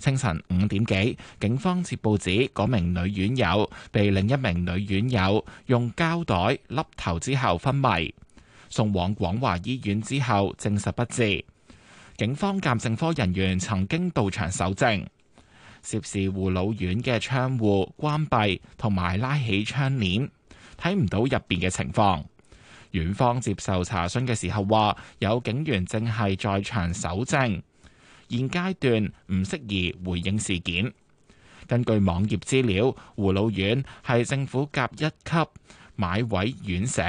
清晨五點幾，警方接報指嗰名女院友被另一名女院友用膠袋笠頭之後昏迷。送往廣華醫院之後證實不治。警方鑑證科人員曾經到場搜證，涉事護老院嘅窗戶關閉同埋拉起窗簾，睇唔到入邊嘅情況。院方接受查詢嘅時候話，有警員正係在場搜證。現階段唔適宜回應事件。根據網頁資料，護老院係政府甲一級買位院舍，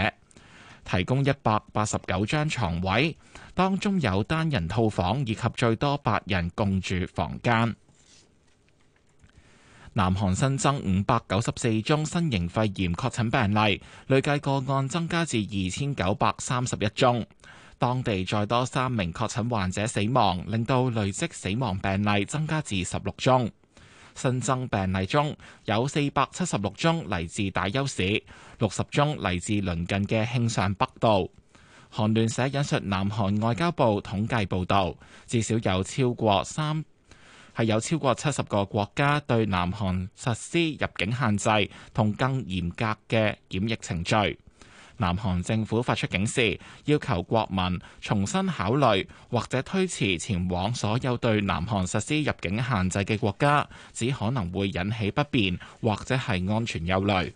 提供一百八十九張床位，當中有單人套房以及最多八人共住房間。南韓新增五百九十四宗新型肺炎確診病例，累計個案增加至二千九百三十一宗。當地再多三名確診患者死亡，令到累積死亡病例增加至十六宗。新增病例中有四百七十六宗嚟自大邱市，六十宗嚟自鄰近嘅慶尚北道。韓聯社引述南韓外交部統計報道，至少有超過三，係有超過七十個國家對南韓實施入境限制同更嚴格嘅檢疫程序。南韓政府發出警示，要求國民重新考慮或者推遲前往所有對南韓實施入境限制嘅國家，只可能會引起不便或者係安全憂慮。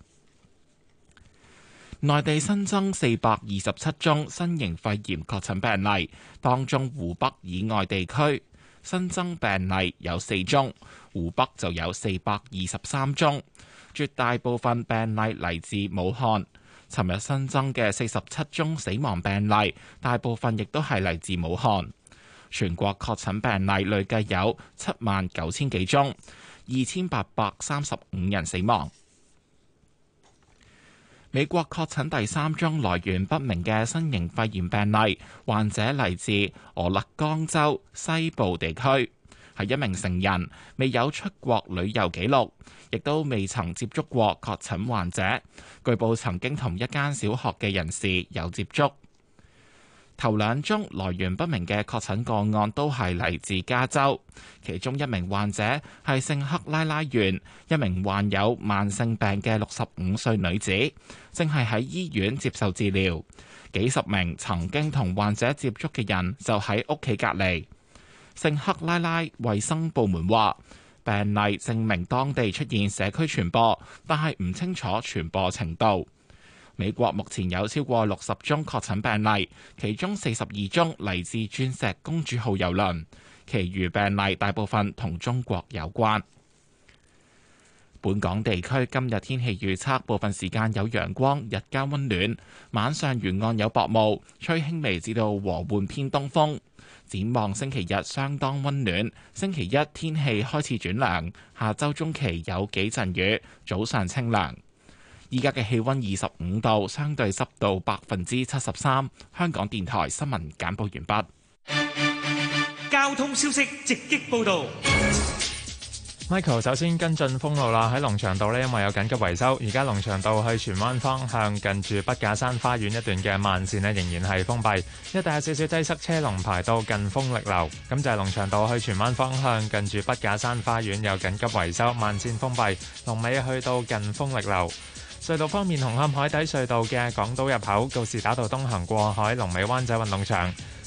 內地新增四百二十七宗新型肺炎確診病例，當中湖北以外地區新增病例有四宗，湖北就有四百二十三宗，絕大部分病例嚟自武漢。尋日新增嘅四十七宗死亡病例，大部分亦都係嚟自武漢。全國確診病例累計有七萬九千幾宗，二千八百三十五人死亡。美國確診第三宗來源不明嘅新型肺炎病例，患者嚟自俄勒岡州西部地區。係一名成人，未有出國旅遊記錄，亦都未曾接觸過確診患者。據報曾經同一間小學嘅人士有接觸。頭兩宗來源不明嘅確診個案都係嚟自加州，其中一名患者係聖克拉拉縣，一名患有慢性病嘅六十五歲女子，正係喺醫院接受治療。幾十名曾經同患者接觸嘅人就喺屋企隔離。聖克拉拉衛生部門話，病例證明當地出現社區傳播，但係唔清楚傳播程度。美國目前有超過六十宗確診病例，其中四十二宗嚟自鑽石公主號郵輪，其餘病例大部分同中國有關。本港地區今日天氣預測，部分時間有陽光，日間溫暖，晚上沿岸有薄霧，吹輕微至到和緩偏東風。展望星期日相當溫暖，星期一天氣開始轉涼，下周中期有幾陣雨，早上清涼，依家嘅氣溫二十五度，相對濕度百分之七十三。香港電台新聞簡報完畢，交通消息直擊報道。Michael 首先跟進封路啦，喺龍翔道呢，因為有緊急維修，而家龍翔道去荃灣方向近住筆架山花園一段嘅慢線呢，仍然係封閉，一帶少少擠塞，車龍排到近豐力樓。咁就係龍翔道去荃灣方向近住筆架山花園有緊急維修，慢線封閉，龍尾去到近豐力樓。隧道方面，紅磡海底隧道嘅港島入口告士打道東行過海，龍尾灣仔運動場。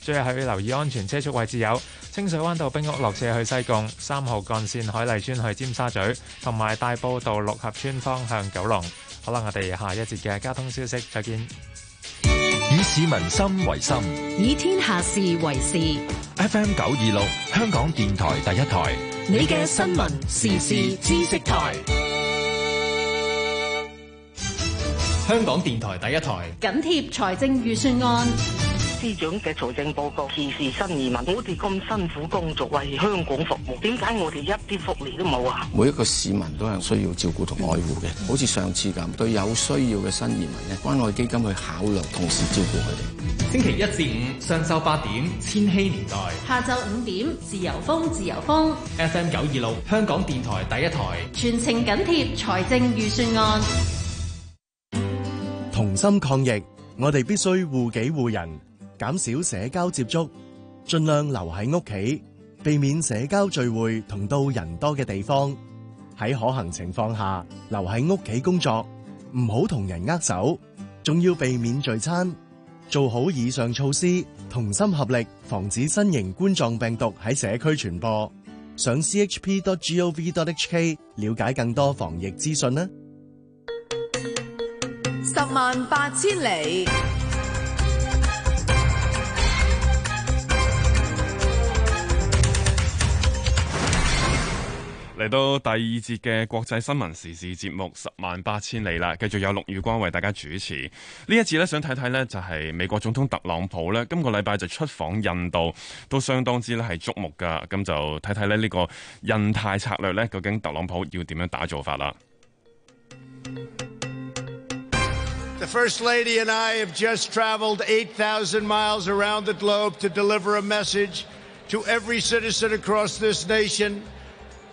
最後係要留意安全車速位置有清水灣道冰屋落車去西貢三號幹線海麗村去尖沙咀同埋大埔道六合村方向九龍好啦我哋下一節嘅交通消息再見以市民心為心以天下事為事 F M 九二六香港電台第一台你嘅新聞時事知識台香港電台第一台緊貼財政預算案。司長嘅財政報告歧視新移民，我哋咁辛苦工作為香港服務，點解我哋一啲福利都冇啊？每一個市民都係需要照顧同愛護嘅，好似上次咁，對有需要嘅新移民咧，關愛基金去考慮同時照顧佢哋。星期一至五上晝八點，千禧年代；下晝五點，自由風，自由風。FM 九二六，香港電台第一台，全程緊貼財政預算案。同心抗疫，我哋必須護己護人。減少社交接觸，盡量留喺屋企，避免社交聚會同到人多嘅地方。喺可行情況下，留喺屋企工作，唔好同人握手，仲要避免聚餐。做好以上措施，同心合力，防止新型冠狀病毒喺社區傳播。上 chp.gov.hk 了解更多防疫資訊啦。十萬八千里。嚟到第二節嘅國際新聞時事節目十萬八千里啦，繼續有陸宇光為大家主持。一節呢一次咧，想睇睇呢，就係美國總統特朗普咧，今個禮拜就出訪印度，都相當之咧係矚目噶。咁、嗯、就睇睇咧呢個印太策略咧，究竟特朗普要點樣打做法啦？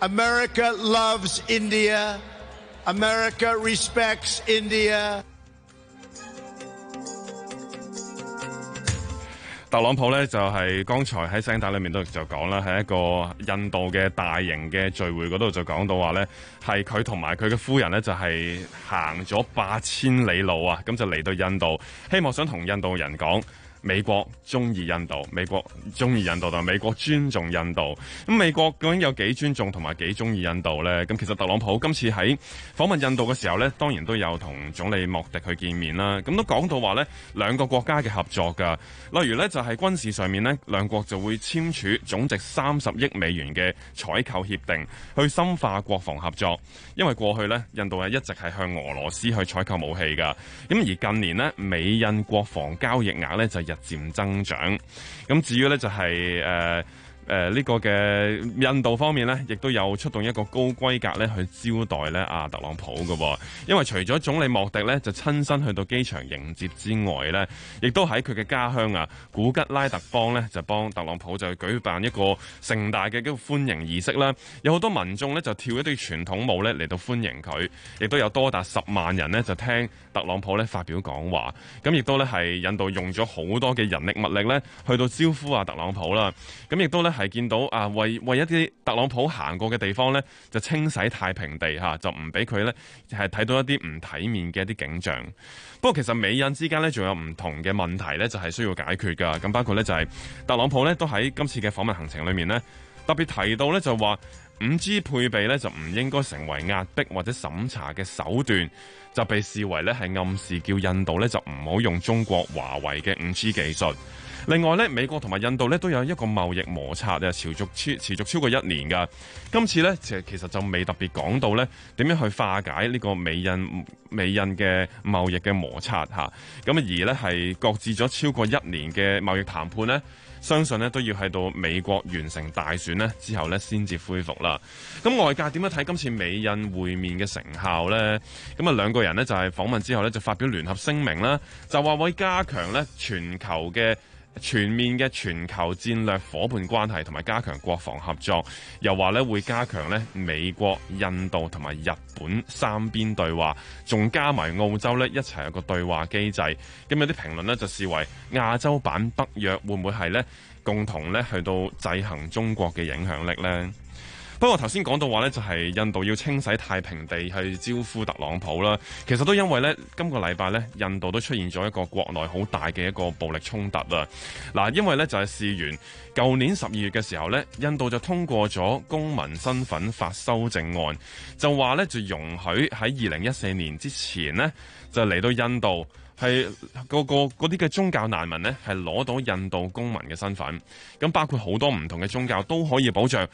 America loves India, America respects India。特朗普呢就係、是、剛才喺聲帶裏面都就講啦，喺一個印度嘅大型嘅聚會嗰度就講到話呢係佢同埋佢嘅夫人呢就係行咗八千里路啊，咁就嚟到印度，希望想同印度人講。美國中意印度，美國中意印度同埋美國尊重印度。咁美國究竟有幾尊重同埋幾中意印度咧？咁其實特朗普今次喺訪問印度嘅時候咧，當然都有同總理莫迪去見面啦。咁都講到話咧，兩個國家嘅合作噶。例如咧，就係軍事上面咧，兩國就會簽署總值三十億美元嘅採購協定，去深化國防合作。因為過去咧，印度係一直係向俄羅斯去採購武器噶。咁而近年咧，美印國防交易額咧就～日漸增長，咁至於呢就係、是、誒。呃誒呢、呃這個嘅印度方面呢，亦都有出動一個高規格呢去招待呢阿特朗普嘅、哦，因為除咗總理莫迪呢就親身去到機場迎接之外呢，亦都喺佢嘅家鄉啊古吉拉特邦呢就幫特朗普就舉辦一個盛大嘅一個歡迎儀式啦，有好多民眾呢就跳一啲傳統舞呢嚟到歡迎佢，亦都有多達十萬人呢就聽特朗普呢發表講話，咁亦都呢係印度用咗好多嘅人力物力呢去到招呼阿特朗普啦，咁亦都呢。係見到啊，為為一啲特朗普行過嘅地方呢，就清洗太平地吓，啊，就唔俾佢呢係睇到一啲唔體面嘅一啲景象。不過其實美印之間呢，仲有唔同嘅問題呢，就係、是、需要解決噶。咁包括呢，就係、是、特朗普呢，都喺今次嘅訪問行程裏面呢，特別提到呢，就話。五 G 配備咧就唔應該成為壓迫或者審查嘅手段，就被視為咧係暗示叫印度咧就唔好用中國華為嘅五 G 技術。另外咧，美國同埋印度咧都有一個貿易摩擦啊，持續超持續超過一年㗎。今次咧，其實其實就未特別講到咧點樣去化解呢個美印美印嘅貿易嘅摩擦嚇。咁而咧係擱置咗超過一年嘅貿易談判咧。相信呢都要喺到美國完成大選呢之後呢先至恢復啦。咁外界點樣睇今次美印會面嘅成效呢？咁啊兩個人呢就係訪問之後呢就發表聯合聲明啦，就話會加強呢全球嘅。全面嘅全球戰略伙伴關係，同埋加強國防合作，又話咧會加強咧美國、印度同埋日本三邊對話，仲加埋澳洲咧一齊有個對話機制。咁有啲評論咧就視為亞洲版北約，會唔會係咧共同咧去到制衡中國嘅影響力呢？不過頭先講到話呢，就係印度要清洗太平地去招呼特朗普啦。其實都因為呢，今個禮拜呢，印度都出現咗一個國內好大嘅一個暴力衝突啦。嗱，因為呢，就係事源，舊年十二月嘅時候呢，印度就通過咗公民身份法修正案，就話呢，就容許喺二零一四年之前呢，就嚟到印度係個個嗰啲嘅宗教難民呢，係攞到印度公民嘅身份，咁包括好多唔同嘅宗教都可以保障。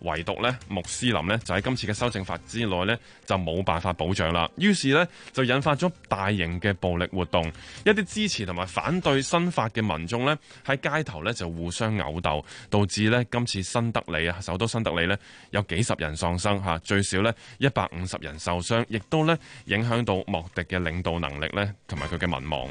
唯獨咧穆斯林咧就喺今次嘅修正法之內咧就冇辦法保障啦，於是咧就引發咗大型嘅暴力活動，一啲支持同埋反對新法嘅民眾咧喺街頭咧就互相毆鬥，導致咧今次新德里啊首都新德里咧有幾十人喪生吓，最少咧一百五十人受傷，亦都咧影響到莫迪嘅領導能力咧同埋佢嘅民望。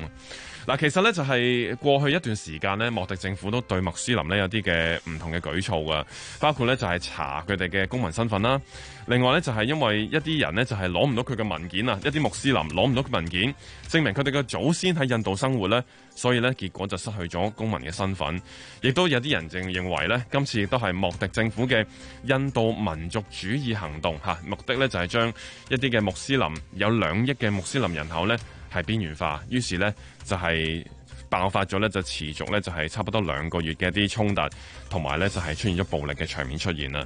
嗱，其實咧就係過去一段時間咧，莫迪政府都對穆斯林咧有啲嘅唔同嘅舉措啊，包括咧就係。查佢哋嘅公民身份啦。另外呢，就係、是、因為一啲人呢，就係攞唔到佢嘅文件啊，一啲穆斯林攞唔到文件，證明佢哋嘅祖先喺印度生活咧，所以呢，結果就失去咗公民嘅身份。亦都有啲人正認為呢，今次亦都係莫迪政府嘅印度民族主義行動吓，目的呢，就係、是、將一啲嘅穆斯林有兩億嘅穆斯林人口呢，係邊緣化，於是呢，就係、是。爆發咗咧，就持續咧就係差不多兩個月嘅一啲衝突，同埋咧就係出現咗暴力嘅場面出現啦。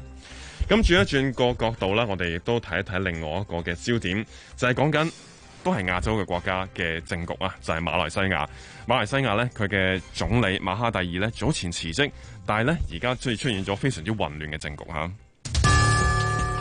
咁轉一轉個角度咧，我哋亦都睇一睇另外一個嘅焦點，就係講緊都係亞洲嘅國家嘅政局啊，就係馬來西亞。馬來西亞呢，佢嘅總理馬哈蒂爾呢，早前辭職，但係呢，而家即出現咗非常之混亂嘅政局吓。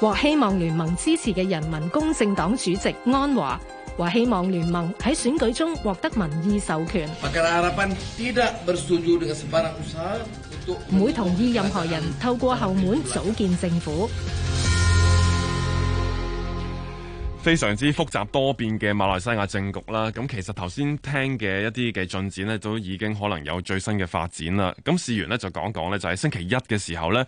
或希望聯盟支持嘅人民公正黨主席安華，話希望聯盟喺選舉中獲得民意授權，唔會同意任何人透過後門組建政府。非常之複雜多變嘅馬來西亞政局啦，咁其實頭先聽嘅一啲嘅進展呢，都已經可能有最新嘅發展啦。咁事完緣呢，就講講呢，就係星期一嘅時候呢，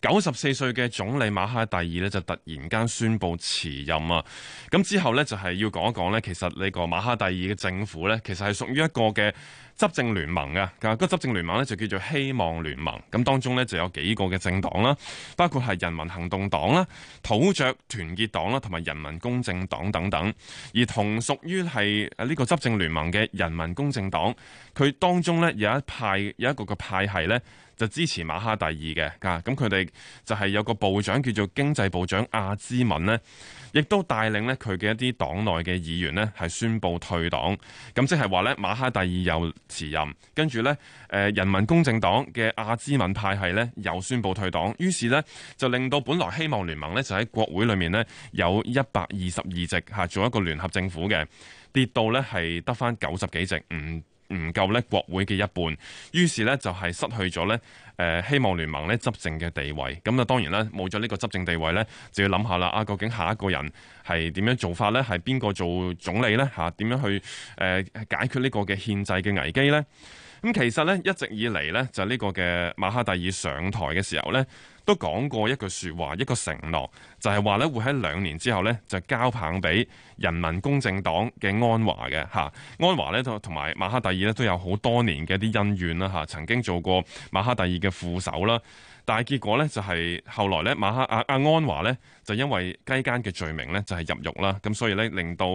九十四歲嘅總理馬哈蒂爾呢，就突然間宣布辭任啊。咁之後呢，就係要講一講呢，其實呢個馬哈蒂爾嘅政府呢，其實係屬於一個嘅。執政聯盟嘅，嗰個執政聯盟呢就叫做希望聯盟。咁當中呢就有幾個嘅政黨啦，包括係人民行動黨啦、土著團結黨啦，同埋人民公正黨等等。而同屬於係呢個執政聯盟嘅人民公正黨，佢當中呢有一派有一個嘅派系呢就支持馬哈蒂爾嘅。咁佢哋就係有個部長叫做經濟部長阿茲敏呢。亦都帶領呢佢嘅一啲黨內嘅議員呢，係宣布退黨，咁即係話呢馬哈蒂爾又辭任，跟住呢，誒人民公正黨嘅阿茲敏派系呢，又宣布退黨，於是呢，就令到本來希望聯盟呢，就喺國會裏面呢，有一百二十二席嚇做一個聯合政府嘅，跌到呢，係得返九十幾席。嗯唔夠呢國會嘅一半，於是呢就係、是、失去咗呢誒、呃、希望聯盟呢執政嘅地位，咁啊當然啦，冇咗呢個執政地位呢，就要諗下啦，啊究竟下一個人係點樣做法呢？係邊個做總理呢？嚇、啊、點樣去誒、呃、解決呢個嘅憲制嘅危機呢？咁、啊、其實呢，一直以嚟呢，就呢個嘅馬哈蒂爾上台嘅時候呢，都講過一句説話，一個承諾，就係話咧會喺兩年之後咧就交棒俾人民公正黨嘅安華嘅嚇。安華咧同同埋馬哈蒂爾咧都有好多年嘅一啲恩怨啦嚇、啊，曾經做過馬哈蒂爾嘅副手啦。但係結果咧，就係、是、後來咧，馬哈阿阿、啊、安華呢，就因為雞奸嘅罪名呢，就係、是、入獄啦。咁所以呢，令到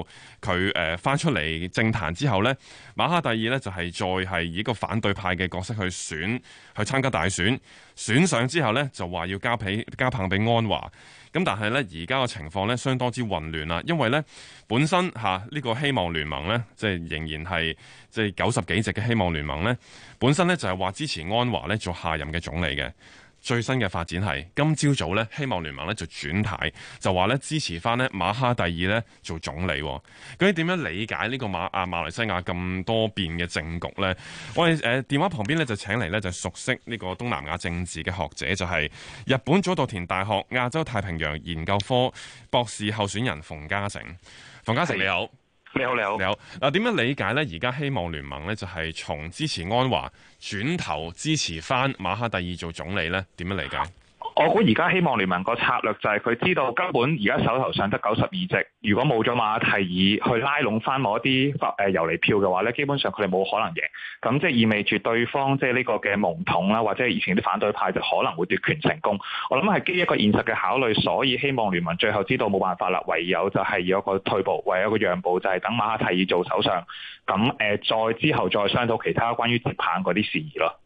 佢誒翻出嚟政壇之後呢，馬哈第二呢，就係、是、再係以個反對派嘅角色去選去參加大選，選上之後呢，就話要交俾交棒俾安華。咁但係呢，而家嘅情況呢，相當之混亂啦，因為呢，本身嚇呢、啊這個希望聯盟呢，即、就、係、是、仍然係即係九十幾席嘅希望聯盟呢，本身呢，就係、是、話支持安華呢做下任嘅總理嘅。最新嘅發展係今朝早咧，希望聯盟咧就轉態，就話咧支持翻咧馬哈蒂爾咧做總理，哦。究竟點樣理解呢個馬啊馬來西亞咁多變嘅政局呢？我哋誒、呃、電話旁邊咧就請嚟咧就熟悉呢個東南亞政治嘅學者，就係、是、日本早稻田大學亞洲太平洋研究科博士候選人馮嘉誠。馮嘉誠是你好。你好，你好，你好。嗱，點樣理解咧？而家希望聯盟咧，就係從支持安華轉頭支持翻馬哈蒂爾做總理呢？點樣理解？我估而家希望聯盟個策略就係佢知道根本而家手頭上得九十二席，如果冇咗馬哈蒂爾去拉攏翻某一啲誒遊離票嘅話咧，基本上佢哋冇可能贏。咁即係意味住對方即係呢個嘅蒙統啦，或者係以前啲反對派就可能會奪權成功。我諗係基於一個現實嘅考慮，所以希望聯盟最後知道冇辦法啦，唯有就係有一個退步，唯有一個讓步，就係等馬哈蒂爾做首相。咁誒，再之後再商討其他關於接棒嗰啲事宜咯。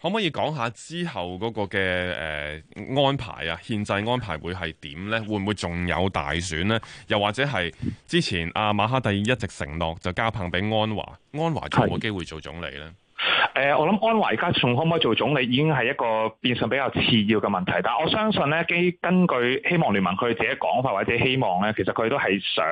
可唔可以講下之後嗰個嘅誒、呃、安排啊？憲制安排會係點呢？會唔會仲有大選呢？又或者係之前阿、啊、馬哈蒂一直承諾就交棒俾安華，安華仲有冇機會做總理呢？誒、呃，我諗安華而家仲可唔可以做總理，已經係一個變相比較次要嘅問題。但係我相信咧，基根據希望聯盟佢自己講法或者希望咧，其實佢都係想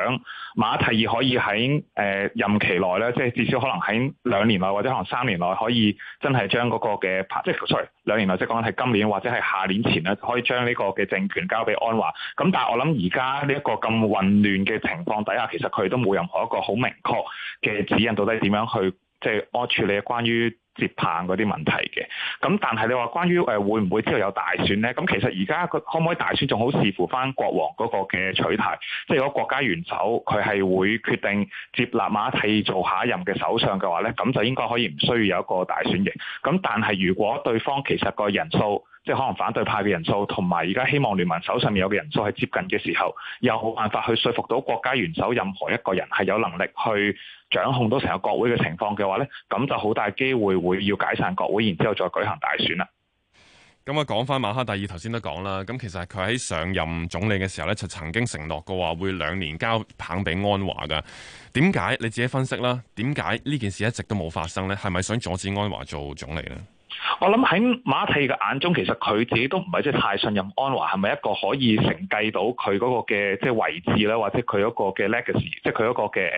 馬提爾可以喺誒、呃、任期內咧，即係至少可能喺兩年內或者可能三年內可以真係將嗰個嘅即係 r y 兩年內即係講係今年或者係下年前咧，可以將呢個嘅政權交俾安華。咁但係我諗而家呢一個咁混亂嘅情況底下，其實佢都冇任何一個好明確嘅指引，到底點樣去。即係我處理關於接棒嗰啲問題嘅，咁但係你話關於誒會唔會之後有大選咧？咁其實而家可唔可以大選，仲好視乎翻國王嗰個嘅取態。即係如果國家元首佢係會決定接納馬替做下一任嘅首相嘅話咧，咁就應該可以唔需要有一個大選型。咁但係如果對方其實個人數，即係可能反對派嘅人數，同埋而家希望聯盟手上面有嘅人數係接近嘅時候，又冇辦法去說服到國家元首任何一個人係有能力去。掌控到成個國會嘅情況嘅話，呢咁就好大機會會要解散國會，然之後再舉行大選啦。咁啊，講翻馬哈第二頭先都講啦。咁其實佢喺上任總理嘅時候呢，就曾經承諾過話會兩年交棒俾安華嘅。點解你自己分析啦？點解呢件事一直都冇發生呢？係咪想阻止安華做總理呢？我諗喺馬蒂嘅眼中，其實佢自己都唔係即係太信任安華，係咪一個可以承繼到佢嗰個嘅即係遺志咧，或者佢一個嘅 legacy，即係佢一個嘅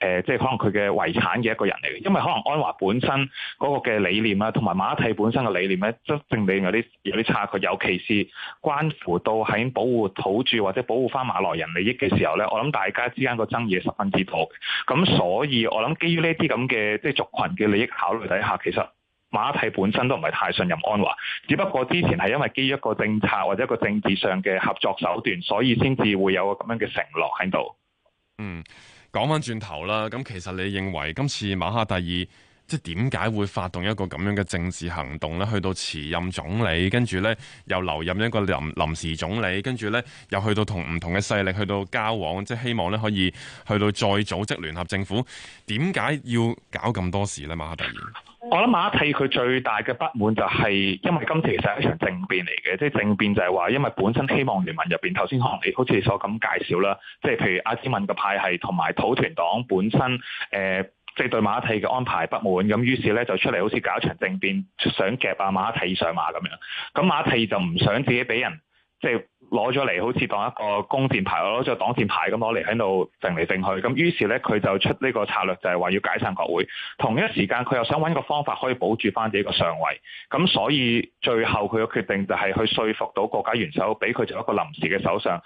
誒誒，即係可能佢嘅遺產嘅一個人嚟嘅。因為可能安華本身嗰個嘅理念啦，同埋馬蒂本身嘅理念咧，都正正有啲有啲差距。尤其是關乎到喺保護土著或者保護翻馬來人利益嘅時候咧，我諗大家之間個爭議十分之多嘅。咁所以，我諗基於呢啲咁嘅即係族群嘅利益考慮底下，其實，馬蒂本身都唔係太信任安華，只不過之前係因為基於一個政策或者一個政治上嘅合作手段，所以先至會有個咁樣嘅承諾喺度。嗯，講返轉頭啦，咁其實你認為今次馬哈蒂爾即係點解會發動一個咁樣嘅政治行動呢？去到辭任總理，跟住呢又留任一個臨臨時總理，跟住呢又去到同唔同嘅勢力去到交往，即係希望呢可以去到再組織聯合政府。點解要搞咁多事呢？馬哈蒂爾。我諗馬哈迪佢最大嘅不滿就係、是，因為今次其實係一場政變嚟嘅，即係政變就係話，因為本身希望聯盟入邊頭先可能你，好似所咁介紹啦，即係譬如阿志文嘅派系同埋土團黨本身，誒、呃、即係對馬哈迪嘅安排不滿，咁於是咧就出嚟好似搞一場政變，想夾啊馬哈迪上馬咁樣，咁馬哈迪就唔想自己俾人即係。攞咗嚟好似當一個弓箭牌，攞咗個擋箭牌咁攞嚟喺度掟嚟掟去，咁於是咧佢就出呢個策略就係話要解散國會。同一時間佢又想揾一個方法可以保住翻自己個上位，咁所以最後佢嘅決定就係去說服到國家元首俾佢做一個臨時嘅首相。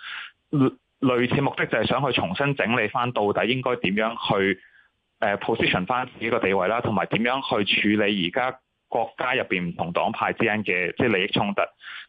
類似目的就係想去重新整理翻到底應該點樣去誒 position 翻自己個地位啦，同埋點樣去處理而家，國家入邊唔同黨派之間嘅即係利益衝突，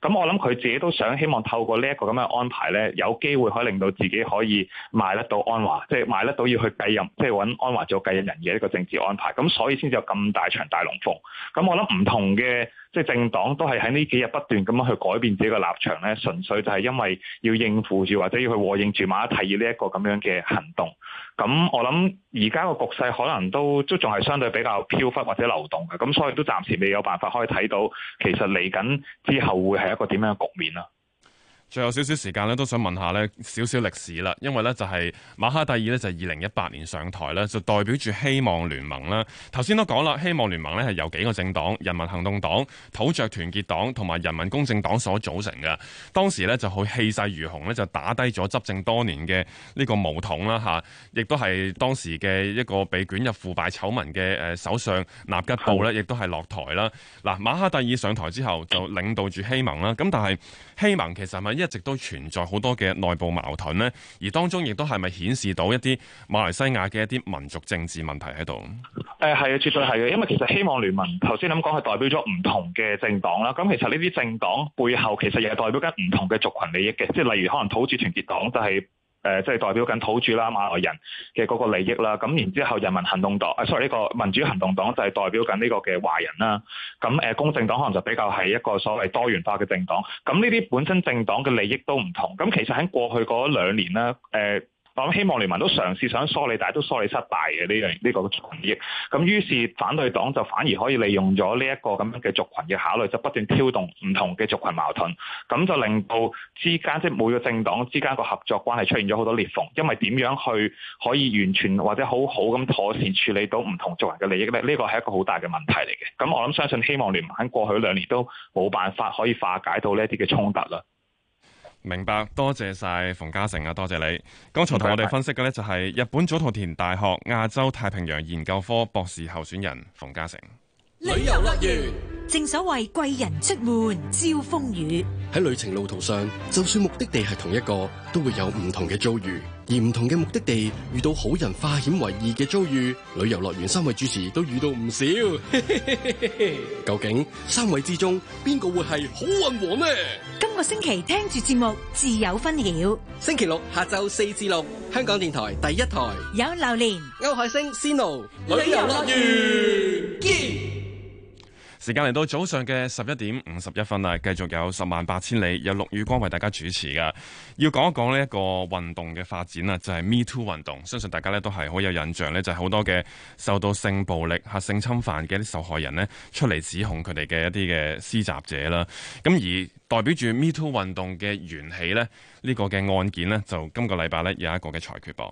咁我諗佢自己都想希望透過呢一個咁嘅安排咧，有機會可以令到自己可以賣得到安華，即係賣得到要去繼任，即係搵安華做繼任人嘅一個政治安排，咁所以先至有咁大場大龍鳳。咁我諗唔同嘅即係政黨都係喺呢幾日不斷咁樣去改變自己嘅立場咧，純粹就係因為要應付住或者要去和應住馬哈蒂爾呢一個咁樣嘅行動。咁我諗而家個局勢可能都都仲係相對比較飄忽或者流動嘅，咁所以都暫時未有辦法可以睇到，其實嚟緊之後會係一個點樣嘅局面啦。最後少少時間咧，都想問下呢少少歷史啦，因為呢，就係、是、馬哈蒂爾呢，就二零一八年上台咧，就代表住希望聯盟咧。頭先都講啦，希望聯盟呢係由幾個政黨——人民行動黨、土著團結黨同埋人民公正黨所組成嘅。當時呢，就好氣勢如虹呢就打低咗執政多年嘅呢個巫統啦嚇，亦都係當時嘅一個被捲入腐敗醜聞嘅誒首相納吉布呢亦都係落台啦。嗱、啊，馬哈蒂爾上台之後就領導住希盟啦。咁、啊、但係希盟其實係咪？一直都存在好多嘅內部矛盾呢，而當中亦都係咪顯示到一啲馬來西亞嘅一啲民族政治問題喺度？誒係啊，絕對係嘅，因為其實希望聯盟頭先咁講，係代表咗唔同嘅政黨啦。咁其實呢啲政黨背後其實亦係代表緊唔同嘅族群利益嘅，即係例如可能土著團結黨就係。誒即係代表緊土著啦、馬來人嘅嗰個利益啦，咁然之後人民行動黨，誒，sorry 呢個民主行動黨就係代表緊呢個嘅華人啦，咁誒公正黨可能就比較係一個所謂多元化嘅政黨，咁呢啲本身政黨嘅利益都唔同，咁其實喺過去嗰兩年咧，誒、呃。我諗希望聯盟都嘗試想梳理，但係都梳理失敗嘅呢樣呢個族群利益。咁於是反對黨就反而可以利用咗呢一個咁樣嘅族群嘅考慮，就不斷挑動唔同嘅族群矛盾。咁就令到之間即係每個政黨之間個合作關係出現咗好多裂縫。因為點樣去可以完全或者好好咁妥善處理到唔同族群嘅利益咧？呢、這個係一個好大嘅問題嚟嘅。咁我諗相信希望聯盟喺過去兩年都冇辦法可以化解到呢一啲嘅衝突啦。明白，多謝晒馮嘉誠啊！多謝你，剛才同我哋分析嘅呢，就係日本早稻田大學亞洲太平洋研究科博士候選人馮嘉誠。旅遊樂園，正所謂貴人出門招風雨。喺旅程路途上，就算目的地係同一個，都會有唔同嘅遭遇。而唔同嘅目的地遇到好人化險為夷嘅遭遇，旅遊樂園三位主持都遇到唔少。 究竟三位之中邊個會係好運和呢？今個星期聽住節目自有分曉。星期六下晝四至六，香港電台第一台有榴蓮歐海星、Sino 旅遊樂園見。時間嚟到早上嘅十一點五十一分啦，繼續有十萬八千里，有陸宇光為大家主持噶。要講一講呢一個運動嘅發展啦，就係 Me Too 運動。相信大家呢都係好有印象呢，就係好多嘅受到性暴力吓性侵犯嘅一啲受害人呢出嚟指控佢哋嘅一啲嘅施襲者啦。咁而代表住 Me Too 運動嘅緣起呢，呢個嘅案件呢，就今個禮拜呢有一個嘅裁決噃。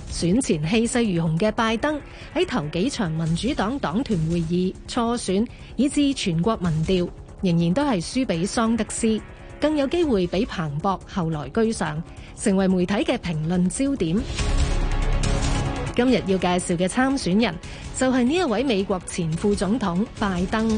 選前氣勢如虹嘅拜登，喺頭幾場民主黨黨團會議、初選以至全國民調，仍然都係輸俾桑德斯，更有機會俾彭博後來居上，成為媒體嘅評論焦點。今日要介紹嘅參選人，就係呢一位美國前副總統拜登。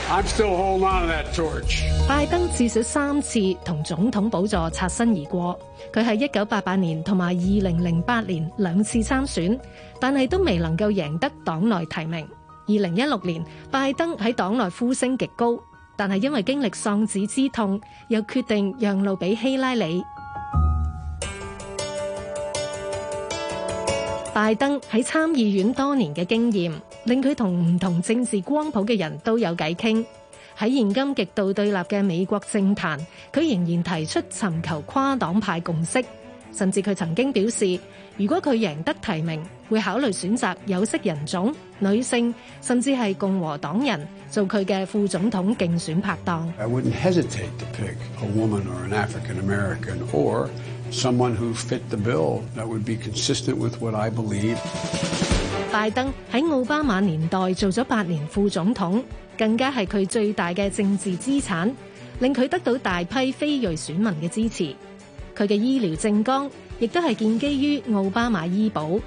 拜登至少三次同總統寶座擦身而過，佢係一九八八年同埋二零零八年兩次參選，但係都未能夠贏得黨內提名。二零一六年，拜登喺黨內呼聲極高，但係因為經歷喪子之痛，又決定讓路俾希拉里。拜登喺參議院多年嘅經驗。令佢同唔同政治光譜嘅人都有偈傾，喺現今極度對立嘅美國政壇，佢仍然提出尋求跨黨派共識，甚至佢曾經表示，如果佢贏得提名，會考慮選擇有色人種、女性，甚至係共和黨人做佢嘅副總統競選拍檔。I wouldn't hesitate to pick a woman or an African-American or someone who fit the bill. That would be consistent with what I believe. 拜登喺奧巴馬年代做咗八年副總統，更加係佢最大嘅政治資產，令佢得到大批非裔選民嘅支持。佢嘅醫療政綱亦都係建基於奧巴馬醫保，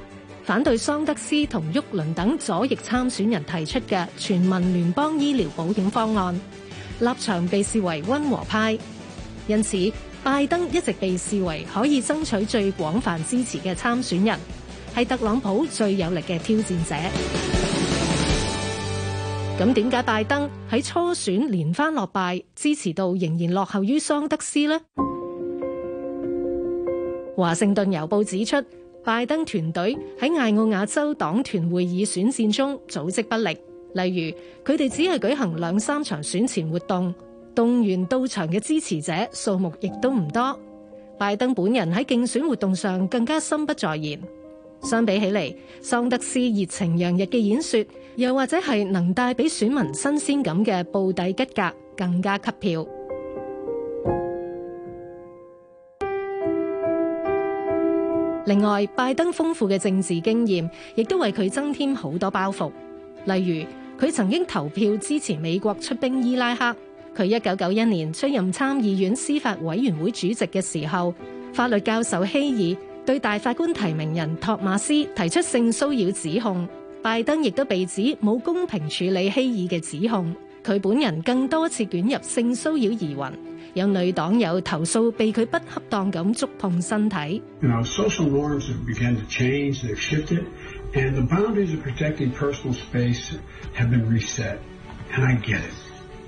反對桑德斯同沃倫等左翼參選人提出嘅全民聯邦醫療保險方案，立場被視為溫和派。因此，拜登一直被視為可以爭取最廣泛支持嘅參選人。係特朗普最有力嘅挑戰者。咁點解拜登喺初選連番落敗，支持度仍然落後於桑德斯呢？《華盛頓郵報》指出，拜登團隊喺艾奧瓦州黨團會議選戰中組織不力，例如佢哋只係舉行兩三場選前活動，動員到場嘅支持者數目亦都唔多。拜登本人喺競選活動上更加心不在焉。相比起嚟，桑德斯熱情洋溢嘅演說，又或者係能帶俾選民新鮮感嘅布底吉格，更加吸票。 另外，拜登豐富嘅政治經驗，亦都為佢增添好多包袱。例如，佢曾經投票支持美國出兵伊拉克；佢一九九一年出任參議院司法委員會主席嘅時候，法律教授希爾，對大法官提名人托馬斯提出性騷擾指控，拜登亦都被指冇公平處理希爾嘅指控，佢本人更多次捲入性騷擾疑雲，有女黨友投訴被佢不恰當咁觸碰身體。You know, social norms have begun to change, they've shifted, and the boundaries of protecting personal space have been reset, and I get it,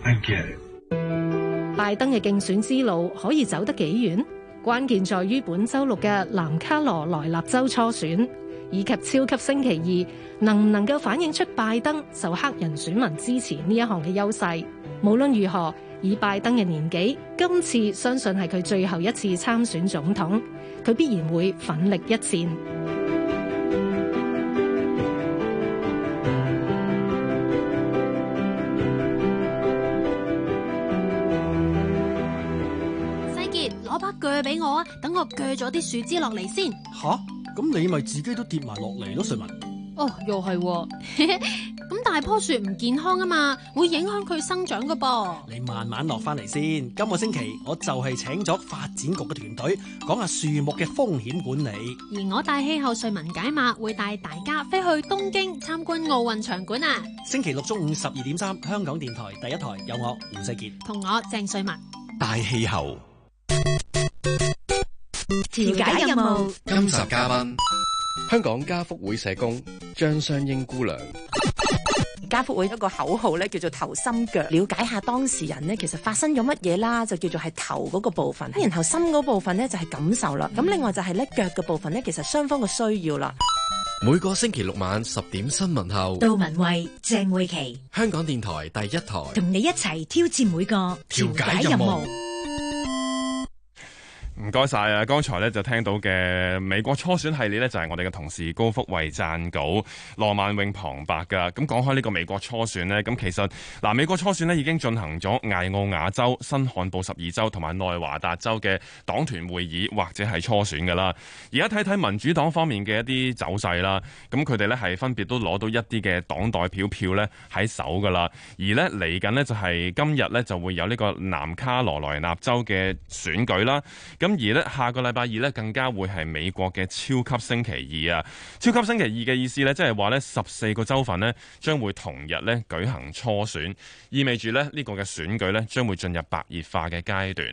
I get it. 拜登嘅競選之路可以走得幾遠？關鍵在於本周六嘅南卡羅來納州初選，以及超級星期二能唔能夠反映出拜登受黑人選民支持呢一項嘅優勢。無論如何，以拜登嘅年紀，今次相信係佢最後一次參選總統，佢必然會奮力一戰。鋸俾我啊！等我鋸咗啲樹枝落嚟先。吓，咁你咪自己都跌埋落嚟咯，瑞文。哦，又係、哦，咁 大棵樹唔健康啊嘛，會影響佢生長噶噃。你慢慢落翻嚟先。今個星期我就係請咗發展局嘅團隊講下樹木嘅風險管理。而我大氣候，瑞文解碼會帶大家飛去東京參觀奧運場館啊！星期六中午十二點三，3，香港電台第一台，第一台有我吳世杰同我鄭瑞文大氣候。調解任務。今集嘉賓，香港家福會社工張雙英姑娘。家福會一個口號咧，叫做頭心腳。了解下當事人咧，其實發生咗乜嘢啦，就叫做係頭嗰個部分。然後心嗰部分呢就係、是、感受啦。咁、嗯、另外就係咧腳嘅部分呢，其實雙方嘅需要啦。每個星期六晚十點新聞後，杜文慧、鄭慧琪，香港電台第一台，同你一齊挑戰每個調解任務。唔該晒啊！剛才咧就聽到嘅美國初選系列呢，就係、是、我哋嘅同事高福慧撰稿、羅萬永旁白噶。咁講開呢個美國初選呢，咁其實嗱、啊，美國初選呢已經進行咗艾奧亞州、新罕布什爾州同埋內華達州嘅黨團會議或者係初選噶啦。而家睇睇民主黨方面嘅一啲走勢啦，咁佢哋呢係分別都攞到一啲嘅黨代表票呢喺手噶啦。而呢嚟緊呢，就係、是、今日呢就會有呢個南卡羅萊納州嘅選舉啦。咁而呢下個禮拜二呢更加會係美國嘅超級星期二啊！超級星期二嘅意思咧，即係話呢十四個州份呢將會同日呢舉行初選，意味住咧呢、呢個嘅選舉呢將會進入白熱化嘅階段。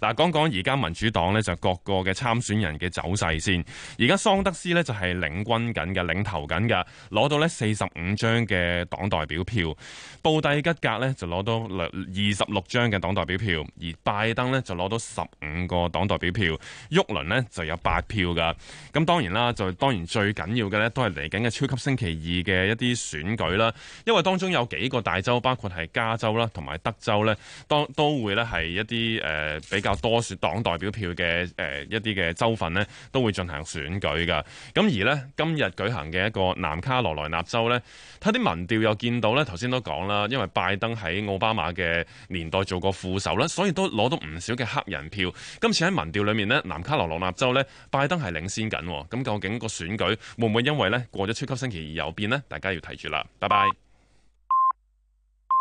嗱、啊，講講而家民主黨呢就各個嘅參選人嘅走勢先。而家桑德斯呢就係、是、領軍緊嘅，領頭緊嘅，攞到呢四十五張嘅黨代表票。布蒂吉格呢就攞到兩二十六張嘅黨代表票，而拜登呢就攞到十五個黨代表表票，沃倫呢就有八票噶。咁當然啦，就當然最緊要嘅呢都係嚟緊嘅超級星期二嘅一啲選舉啦。因為當中有幾個大州，包括係加州啦，同埋德州呢，當都，都會呢係一啲誒、呃、比較多選黨代表票嘅誒、呃、一啲嘅州份呢都會進行選舉噶。咁而呢，今日舉行嘅一個南卡羅來納州呢，睇啲民調又見到呢，頭先都講啦，因為拜登喺奧巴馬嘅年代做過副手啦，所以都攞到唔少嘅黑人票。今次喺民調裏面咧，南卡羅來納州咧，拜登係領先緊。咁究竟個選舉會唔會因為咧過咗超級星期二而有變呢？大家要睇住啦。拜拜。